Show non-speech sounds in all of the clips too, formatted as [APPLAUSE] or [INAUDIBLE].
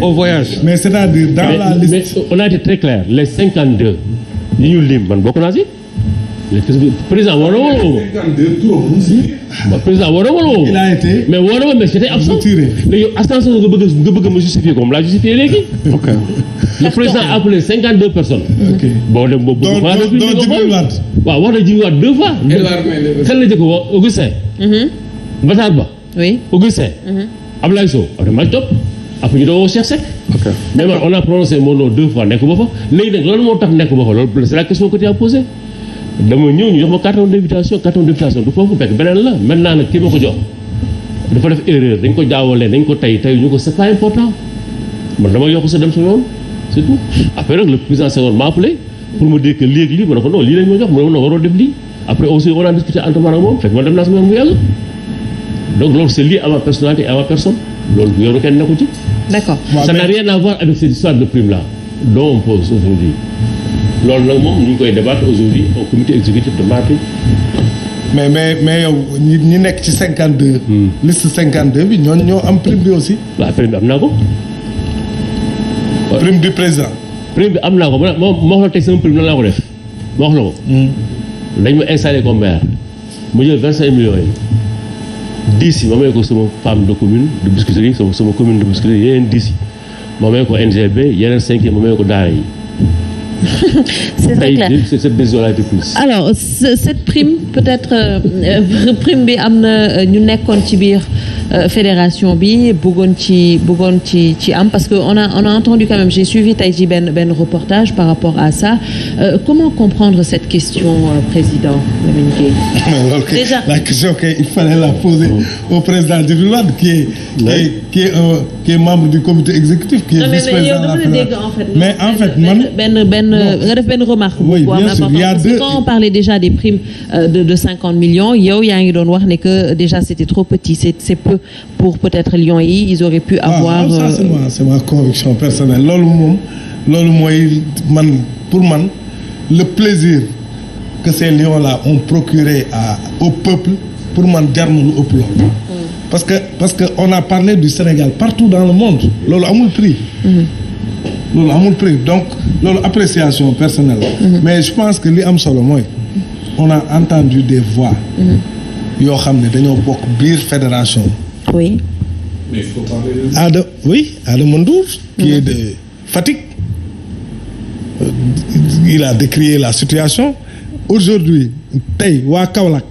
au voyage. mais c'est-à-dire dans la liste. on a été très clair les 52 yi ñu lim man bokk naa si. le ah, président waroo waroo. président waroo waroo. il a été. mais waroo mais c'était absent. léegi absence nga bëgg nga bëgg ma justifier ko moom laa justifier léegi. ok le président a appelé deux personnes. ok boo dem boobu. donc donc Djibril Wade waaw wax na deux fois. Augustin. Mhm. Matar Ba. oui Augustin. Mhm. Ablaye Sow après ñu doon woo Cheikh Seck. ok mais man on a prononcé mon nom deux fois nekkuma fa léegi nag loolu moo tax nekkuma fa loolu c'est la question que tu as posée dama ñëw ñu ko jox dafa def erreur dañ ko jaawalee sa lii ak lii ma ne ko a discuté entre man ak moom fekk man dem naa sama yoon bu yàgg donc loolu c'est kenn nekku ci d'accord ça n'a rien à voir avec cette histoire de prime là dont on pose aujourd'hui loolu nag moom ñu ngi koy débattre aujourd'hui au comité exécutif de mardi mais mais mais yow ñi ñi nekk ci 52. Hmm. liste 52 bi ñooñu ñoo am prime bi aussi. waaw prime bi am naa ko. prime du président. prime bi am naa ko ma ma wax la tey sama prime nan laa ko def ma wax ko. Hmm. dañ ma installé comme maire mu jël 25 millions yi. dix yi ma may ko sama femme de commune de Biscuiterie sama sama commune de Biscuiterie yeneen dix yi ma may ko NGB yeneen cinq yi ma may ko daara yi. [LAUGHS] c'est très clair tey cette décision te été alors cette prime peut-être euh, [LAUGHS] prime bi am na euh, ñu nekkoon ci biir. Euh, fédération bi bëggoon ci bëggoon ci ci am parce que on a on a entendu quand même j'ai suivi tey ji benn benn reportage par rapport à ça euh, comment comprendre cette question euh, président Lamine Gueye ah, déjà la question qui est membre du comité exécutif qui est vice mais en fait man benn benn nga def remarque oui bien sûr il a deux quand on déjà des primes euh, de de cinquante millions yow yaa ngi doon wax ne que déjà c'était trop petit pour peut-être lion yi ils auraient pu ah, avoir ah, ça, euh, c'est ma conviction personnelle loolu moom loolu mooy man pour man le plaisir que ces lions là ont procuré à au peuple pour man jar na lu ëpp mm. parce que parce que on a parlé du Sénégal partout dans le monde loolu amul prix mm-hmm. loolu amul prix donc loolu appréciation personnelle mm-hmm. mais je pense que li am solo mooy on a entendu des voix mm-hmm. yoo xam ne dañoo bokk biir fédération Oui. Mais il faut Adam, oui, Adam Mandour, qui est de Fatigue. Euh, il a décrié la situation. Aujourd'hui, Tay, Wakaolak,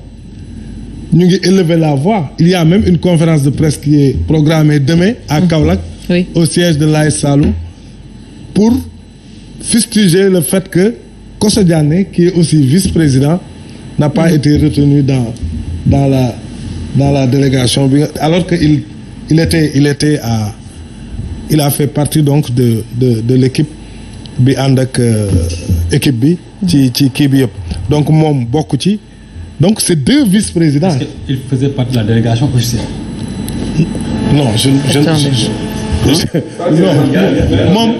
nous avons élevé la voix. Il y a même une conférence de presse qui est programmée demain à mm-hmm. Kaolak, au siège de l'AS Salou, pour fustiger le fait que Kossodiane, qui est aussi vice-président, n'a pas mm-hmm. été retenu dans la dans la délégation bi alors que il il était il était à il a fait partie donc de de de l'équipe bi ànd ak euh, équipe bi. ci ci kii bi yëpp donc moom bokk ci donc c'est deux vice-présidents. est-ce qu'il faisait partie de la délégation officielle. non je je. je, je non [LAUGHS] moom.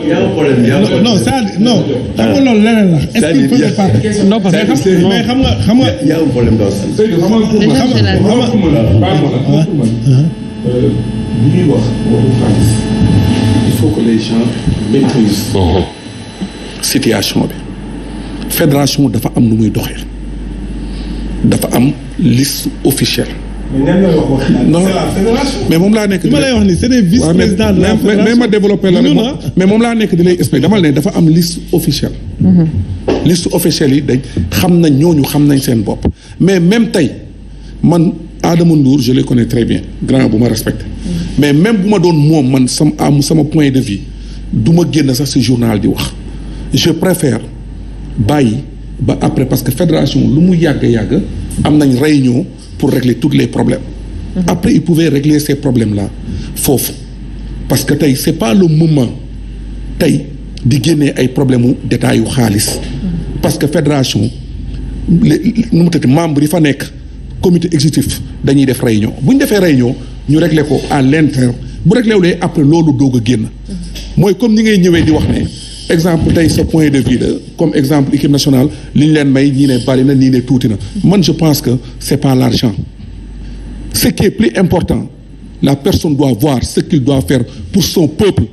non ça non. xam nga loolu leneen la. est euh, dafa am nu muy doxee. dafa am liste officielle. mais moom laa nekk. ma lay wax ni c'est des vice présidents la ma mais moom laa nekk di lay expliqué dama ne dafa am liste officielle. Mhm. liste officielle yi dañ xam nañ ñooñu xam nañ seen bopp mais même tey man aadama Ndour je le connais très bien grand bu ma respecté. Mhm. mais même bu ma doon moom man sama am sama point de vue du ma génn sax si journal di wax je préfère bàyyi ba après parce que fédération lu mu yàgg yàgg am nañ réunion. pour régler tous les problèmes. Mm -hmm. après ils pouvaient régler ces problèmes là foofu parce que tey c'est pas lu moment tey di génnee ay problèmes mu détail yu xaalis. Mhm. parce que fédération nu mu membre yi fa nekk comité exécutif dañuy def rey réunion bu ñu defee rey réunion ñu regle ko à l'interne bu réglé wulee après loolu doog a génn. Mhm. mooy comme ñi ngay ñëwee di wax ne. exemple tey sa point de vue la comme exemple équipe nationale li ñu leen may ñii ne bari na ñii ne tuuti na man je pense que c'est pas l'argent ce qui est plus important la personne doit voir ce qu'il doit faire pour son peuple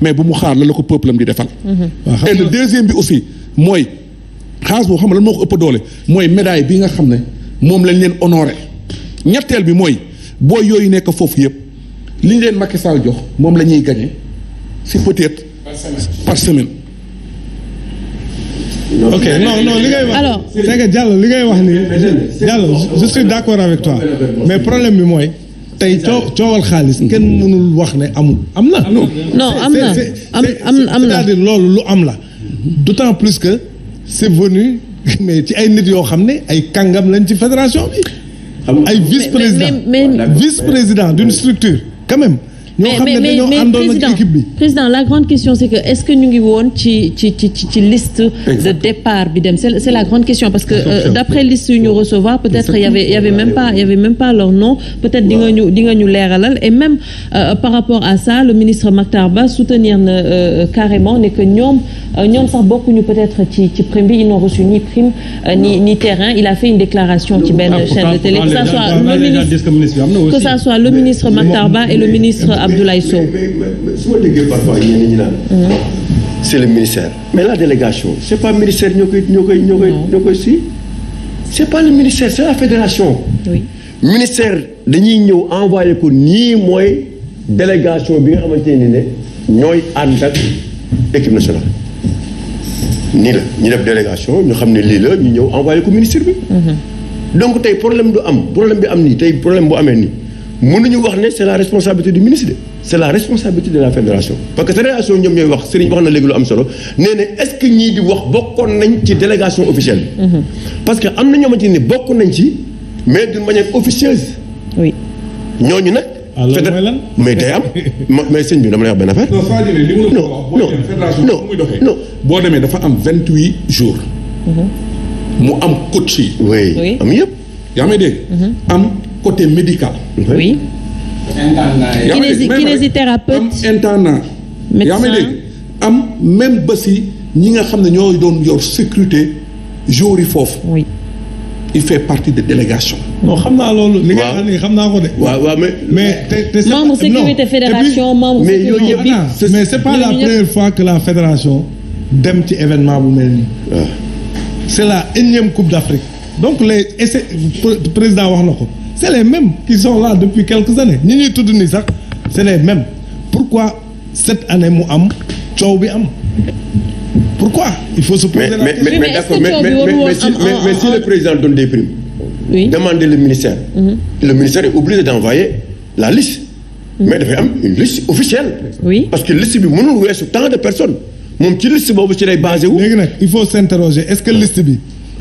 mais bu mu xaar la la ko peuple am di defal mm-hmm. et le deuxième bi aussi mooy xaalis boo xam ne lan moo ko ëpp doole mooy médaille bi nga xam ne moom lañ leen honoré ñetteel bi mooy booy yooyu nekk foofu yëpp li ñu leen Macky Sall jox moom la ñuy gagné si par semaine. ok non li ngay wax. li ngay wax nii. Diallo je suis d'accord avec toi mais problème bi mooy. tey coo coowal xaalis kenn mënul wax ne amul am na. loolu lu am la. d'autant plus que c'est venu [LAUGHS] mais ci ay nit yoo xam ne ay kàngam lañ ci fédération bi. ay vice-président vice-président d'une structure quand même. ñoo bi président la grande question c'est que est-ce que ñu ngi liste de départ bi c'est la grande question parce que euh, d'après liste yu ñu recevoir peut-être y y avait même pas leur nom peut-être di nga ñu di nga ñu leeralal et même euh, par rapport à ça le ministre Makhtar Ba soutenir na euh, euh carrément ne que ñoom euh, ñoom sax bokkuñu peut-être ci ci prime bi ils n'ont reçu ni prime ni terrain il a fait une déclaration ci benn ah, chaîne de télé que ça soit le ministre que et Abdoulaye Sow. su ma déggee parfois ñenn ñi naan. Mm. c'est le ministère. mais la délégation c'est pas ministère ñoo koy ñoo koy ñoo koy ñoo koy si. c'est pas le ministère c'est la fédération. oui ministère dañuy ñëw envoyé ko nii mooy délégation bi nga xamante ne ne ñooy ànd ak équipe nationale. nii la ñu def délégation ñu xam ne lii la ñu ñëw envoyé ko ministre bi. Mm-hmm. donc tey problème du am problème bi am nii tey problème bu amee nii. mënuñu wax ne c'est la responsabilité du ministre c'est la responsabilité de la fédération parce que fédération ñoom ñooy wax Serigne wax na léegi lu am solo nee na est-ce que ñii di wax bokkoon nañ ci délégation officielle mhm. parce que am na a xamante ne bokk nañ ci mais d'une manière officieuse oui ñooñu nag ah, mais day am mais sëñ bi dama lay boo demee dafa am vingt huit mhm. mu am coach yi am yëpp yaa may dégg mhm. am côté médical. oui. yaa ngi dégg kinésithérapeute am intendant. médecin yaa ñi nga xam ne ñooy doon yor sécurité jour yi foofu. oui il fait partie de délégation. no xam naa loolu. li nga xam ne xam naa ko de. waaw mais. mais te te membre sécurité fédération membre sécurité bi mais c'est pas la première fois que la fédération dem ci événement bu mel nii. Ah. c'est la énième coupe d'Afrique donc le essais président wax na ko. c'est les même qui sont là depuis quelques années ñi ñuy tudd ni sax c'est les mêmes pourquoi cette année mu am coow bi am pourquoi il faut se poser la question président donne des primes oui demandez le ministère mhm. le ministère est obligé d'envoyer la liste mhm. mais dafay am une liste officielle oui parce que liste bi mënul weesu tant de personnes moom ci liste boobu ci lay basé wu léegi nag il faut s'interroger est-ce que liste bi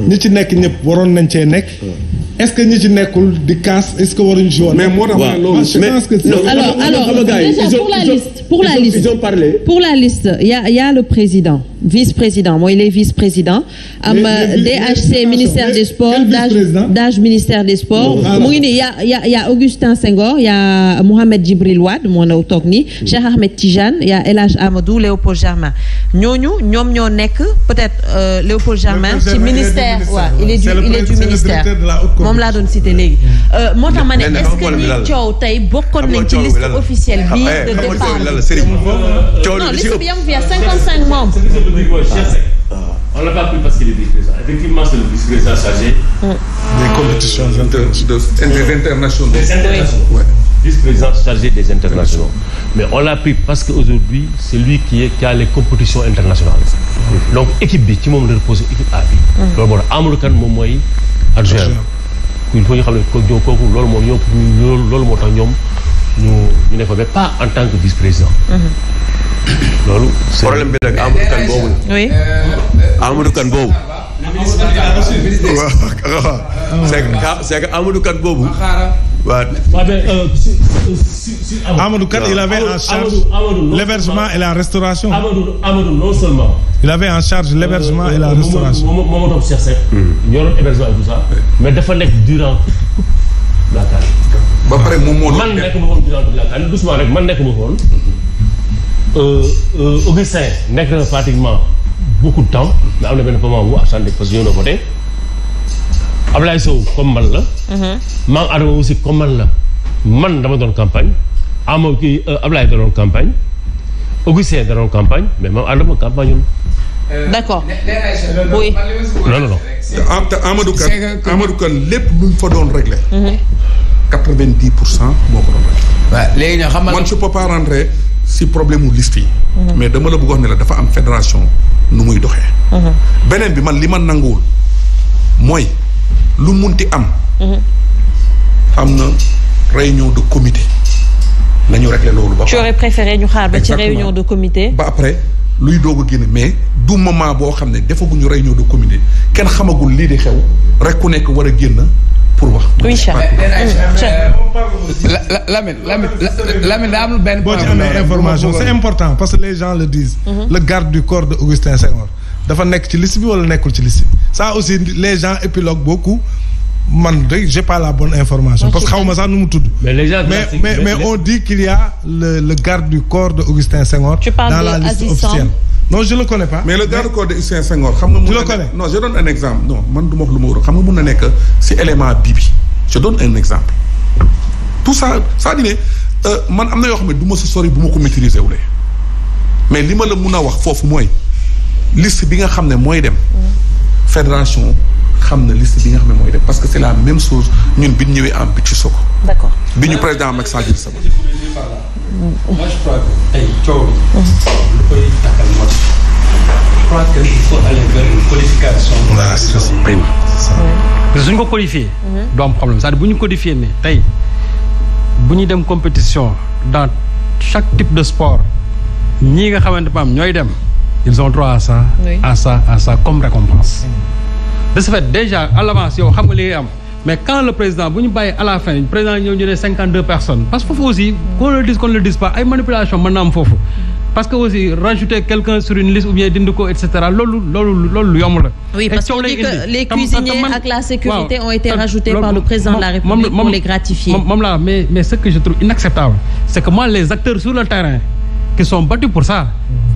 ñi ci nekk ñëpp waroon nañ cee nekk est-ce que ñi ci nekkul di casse est-ce que waruñu jouer. mais moo tax ma ne loolu je pense que. non alors alors déjà pour la liste pour la liste. ils ont parlé. pour la liste y a y a le président. vice-président mooy les vice-présidents am DHC ministère des sports DAGE ministère des sports mu ngi nii ya ya y a Augustin moo naw toog nii Cheikh Ahmed Tidiane y a El Hadj Amadou Léopold ñoom ñoo nekk peut-être euh, Léopold Germain ci ministère waaw il est du il est du ministère moom laa doon cité léegi euh, moo tax ma ne est a rubrique mooy Cheikh Seck. Ah. on l'a pas pris parce qu'il était vice-président effectivement c'est mm. des compétitions inter des des internationaux oui. des internationaux. mais on l'a pris parce que aujourd'hui c'est lui qui est qui a les compétitions internationales. Mm. donc équipe bi ci moom la reposé équipe A bi. Mm. loolu moo tax moom mooy. adjoint il faut ñu xam ne kooku loolu moo ñoom loolu moo tax ñoom ñu ñu ne fa mais pas en tant que vice loolu problème bi nag Amadou Kane boobu la. oui. Amadou Kane boobu. waaw c'est que Amadou Kane boobu. waaw. Euh, Amadou Kane il avait en charge l'hébergement et la restauration. Amadou Amadou non seulement. il avait en charge l'hébergement et la euh, euh, restauration. moom moom moom Cheikh Seck. Hmm. ñoroon hébergement et tout ça. mais dafa nekk durant la CAN. ba pare moom moo. man nekk ma woon durant la CAN doucement rek man nekk ma woon. Euh, euh, Augustin nekk na pratiquement beaucoup de temps mais am na benn moment bu absenté parce que ñoo na voté Ablaye Sow comme man la. Mhm. Maam Adama aussi comme man la man dama doon campagne Amadou kii euh, Ablaye da campagne Augustin campagne mais Maam Adama campagne d' lépp lu fa doon réglé. 90 mhm. pour cent moo man je peux pas si problème mu mhm. mais dama la bëgg wax ne dafa am fédération nu muy doxee. Mhm. beneen bi man li ma nanguwul mooy lu munti am. Mhm. am na réunion de comité nañu régler loolu. ba pare tu aurais préféré ñu xaar ba ci réunion de comité. ba après luy doog a mais du moment boo xam ne defaguñu réunion de comité kenn xamagul lii di xew rek ku nekk war a génn. pour wax. oui Cheikh mm. Lamine Lamine daa am benn. boo ci amee information c'est important parce que les gens le disent. Mm-hmm. le garde du corps de Augustin Senghor dafa nekk ci liste bi wala nekkul ci liste bi ça aussi les gens épiloguent beaucoup. man rek j'ai pas la bonne information parce que xaw ma sax nu mu tudd mais mais mais on dit qu'il a le le garde du corps de Augustin Senghor dans la liste officielle non je le connais pas. mais le garde-corps de Lucien Senghor xam nga. tu le connais non je donne un exemple. non man du ma wax lu ma war xam nga mun na nekk si élément bii bi je donne un exemple. tout ça ça dit euh, man am na yoo xam ne du ma si sori bu ma ko maîtriser wulee mais li ma la mun a wax foofu mooy liste bi nga xam ne mooy dem. fédération xam na list bi nga xam ne mooy dem parce que c'est la même chose ñun bi ñëwee en Bicci Soko. d'accord. bi ñu président Macky Sall sama. moi je crois que suñ ko qualifié. Mhm. du am problème cest à bu ñu qualifié ne tey bu ñu dem compétition dans chaque type de sport ñii nga xamante ne am ñooy dem. ils ont droit à ça. ça à ça comme récompense. Mhm. de ce fait déjà à yow xam nga am. mais quand le président bu ñu bàyyi à la fin président ñëw ñu ne cinquante deux personnes parce que foofu aussi qu'on le dise ay manipulation mën foofu parce que aussi rajouter quelqu'un sur une liste ou bien dindi ko et cetera loolu loolu loolu lu yomb la. oui parce qu'on dit que les cuisiniers ak la sécurité ont été rajoutés par le président de la République pour les gratifier. moom la mais mais ce que je trouve inacceptable c'est que moi les acteurs sur le terrain qui sont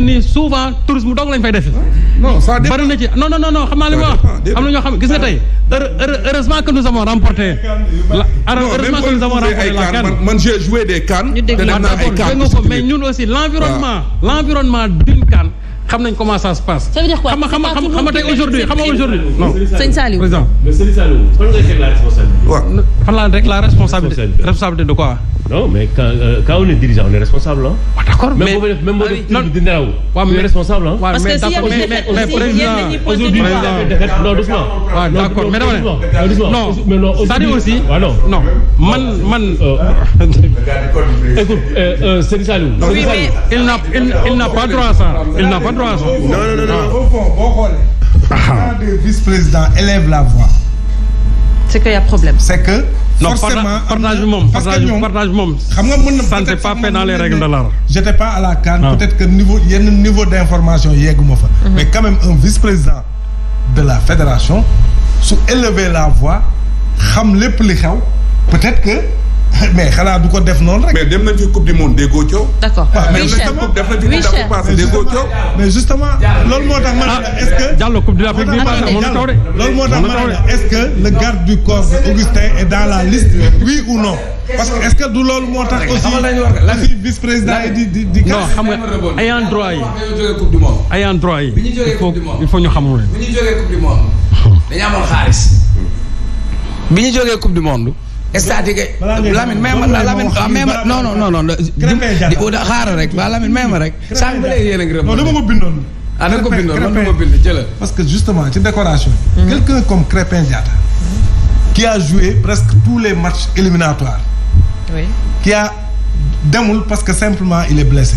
ne nii souvent tourisme dong lañ fay defi. Ah, non ça dépend bari na ci non non non xam naa li ma wax. am na ñoo xam gis nga tey heureusement que nous avons remporté. la heureusement que nous avons remporté la CAN man j'ai joué des CAN. ñu dégg naa ay ah. xam nañ comment ça xam xam tey aujourd'hui xam aujourd'hui non sëñ Saliou la responsabilité. de quoi. non mais quand, euh, quand on on est responsable ah. waaw d'accord mais même boo responsable parce que si mais mais mais président aujourd'hui euh, non d'accord mais dama non c'est-à-dire non man man. Euh, euh, écoute Serigne Saliou. oui mais il il n'a pas droit à il n'a pas droit à non non non au vice-présidents élèvent la voix. c'est qu'il y a problème. c'est que. non forcément partage bi moom partage bi moom. xam nga mën na peut être pas fait dans les règles de l'art. j'étais pas à la CAN. Ah. peut être que niveau yenn niveau d' information yegguma fa. Mhm. mais quand même un vice président de la fédération su élever la voix xam lépp li xew peut être que. [LAUGHS] mais xalaa du ko def noonu rek. mais dem nañ fi coupe du monde déggoo coow. d' ah, mais justement loolu moo tax man ah, est ce que. l' Afrique bii passé moo taw de. moo tax man est ce que le garde du corps Augustin est dans la ou non. parce que est ce que du loolu moo tax aussi aussi vice président yi di di di. non nga ayant droit yi. ayant droit yi. il faut il faut ñu xamul. bi ñu jógee coupe bi ñu jógee coupe du monde. [LAUGHS] c'est-à-dire Lamine may ma Lamine may ma non non non non. xaaral rek waa Lamine may ma rek. sànq ba léegi yéen a ngi rëb. non dama ko bindoon. ah da nga ko bindoon man dama ko bind jëla. parce que justement ci décoration. Mm-hmm. quelqu'un comme Crépin Diatta. qui a joué presque tous les matchs éliminatoires. oui qui a demul parce que simplement il est blessé.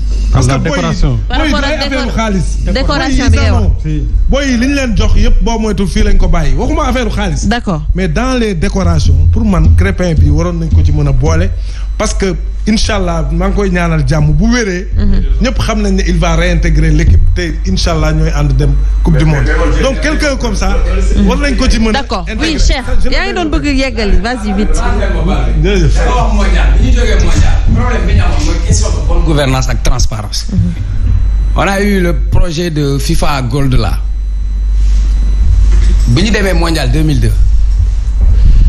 parce que booy yi booy yi affaire xaalis. décoration bi yow booy li ñu leen jox yëpp boo moytu fii lañ ko bàyyi waxuma affaire xaalis. d'accord mais dans les décorations pour man crépin bi waroon nañ ko ci mën a boole parce que incha allah maa ngi koy ñaanal jàmm bu wéree. Mhm. ñëpp xam nañ ne il va réintégrer l'équipe te incha allah ñooy ànd dem coupe du monde donc quelqu'un comme ça. Mhm. war nañ ko ci mën a. d'accord oui Cheikh yaa ngi doon bëgg yeggali vas-y vite. jërëjëf. problème gouvernance ak transparence on a le projet de FIFA Gold la bi ñu demee mondial 2002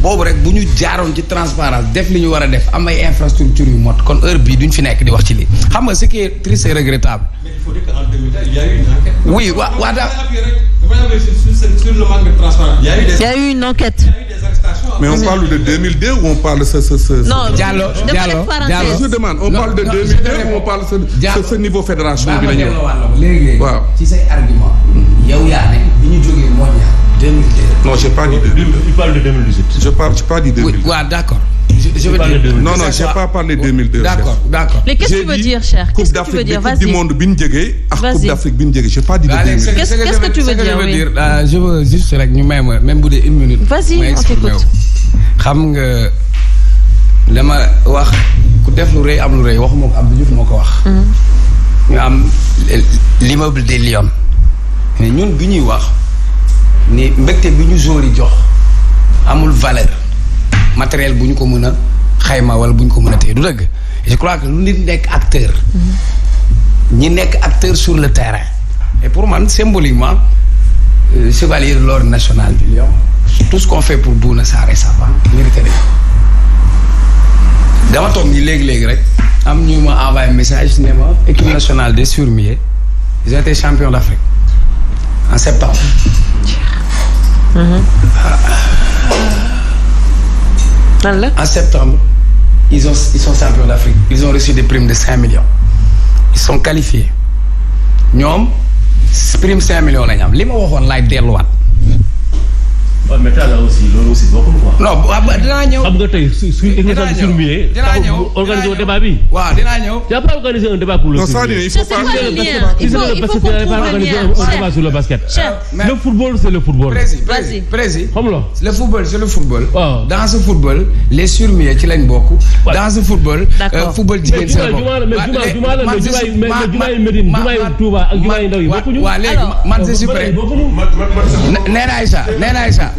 boobu rek bu ñu jaaroon ci transparence def li ñu war a def am ay infrastructures yu mot kon heure bii duñ fi nekk di wax ci lii xam nga ce qui est triste et a eu une enquête. oui waa waa daa. dafa y' mais on parle de 2002 ou on parle ce ce ce. non Diallo Diallo Diallo je demande on parle de 2002 ou on parle ce ce niveau fédération bi la ñu. waaw léegi ci say non j'ai pas dit. il parle de 2018. je parle j'ai pas dit 2000. oui waaw d'accord. je, je veux dire non non j'ai pas parlé 2002. d'accord d'accord. mais qu'est-ce que tu veux dire cher qu'est-ce que tu veux dire vas-y coupe d'Afrique bi coupe du monde bi ñu jógee. ak ah, coupe d'Afrique bi ñu jógee j'ai pas dit de 2000. qu'est-ce que tu veux dire oui je veux juste rek ñu may ma même bu dee une minute. vas-y on t'écoute xam nga dama wax ku def lu rëy am lu rëy waxuma ko Abdou Diouf moo ko wax. ñu mhm. am l'immeuble des Lions. ñun bi ñuy wax. ni mbégte bi ñu joori jox amul valeur matériel bu ñu ko mën a xayma wala bu ñu ko mën a téye du dëgg je crois que lu nit nekk acteur ñi nekk acteur sur le terrain et pour man symboliquement euh, chevalier de l'ordre national du Lion tout ce qu'on fait pour Bouna Sarr et sa femme mérité nañ dama toog ñi léegi-léegi rek am ñu ma envoyé message ne ma équipe nationale des surmiers ils ont été champions d'Afrique en septembre nan mm-hmm. la. en septembre ils ont ils sont champions d'Afrique ils ont reçu des primes de cinq millions ils sont qualifiés ñoom prime cinq millions la ñu am li ma waxoon laay delluwaat. waaw mais Talla aussi loolu aussi bokkul quoi. non waaw dinaa ñëw. xam nga tey su su émission bi surveillé. dinaa ñëw organiser un débat bi. waaw dinaa ñëw. y' a pas organisé un débat pour le. non il man je suis ma ma ma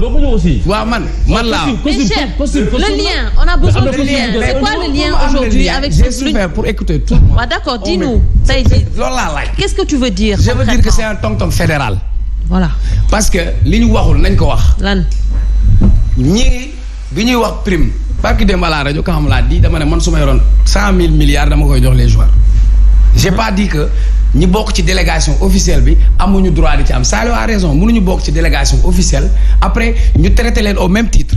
loolu aussi. waaw man man laa. le lien on a besoin de lien c'est le lien aujourd'hui avec j'ai souffert pour écouter tout le monde. waaw ah, d'accord oh, dis-nous tey jii laa laaj. qu'est-ce que tu veux dire. je veux dire que c'est un tom-tom fédéral. parce que li ñu waxul nañ ko wax. lan. ñii bi ñuy wax prime. barki démb à la rajo Kaxam laa di dama ne man su ma yoroon cent mille milliards dama koy jox les joueurs. j'ai pas dit que. ñi bokk ci délégation officielle bi amuñu droit di ci am Saliou a raison mënuñu bokk ci délégation officielle après ñu traité leen au même titre